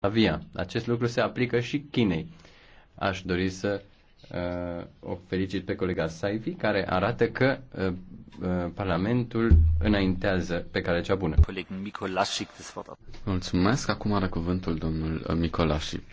Avia. Acest lucru se aplică și Chinei. Aș dori să uh, o felicit pe colega Saifi, care arată că uh, uh, Parlamentul înaintează pe care cea bună. Mulțumesc. Acum are cuvântul domnul uh, Micolașic.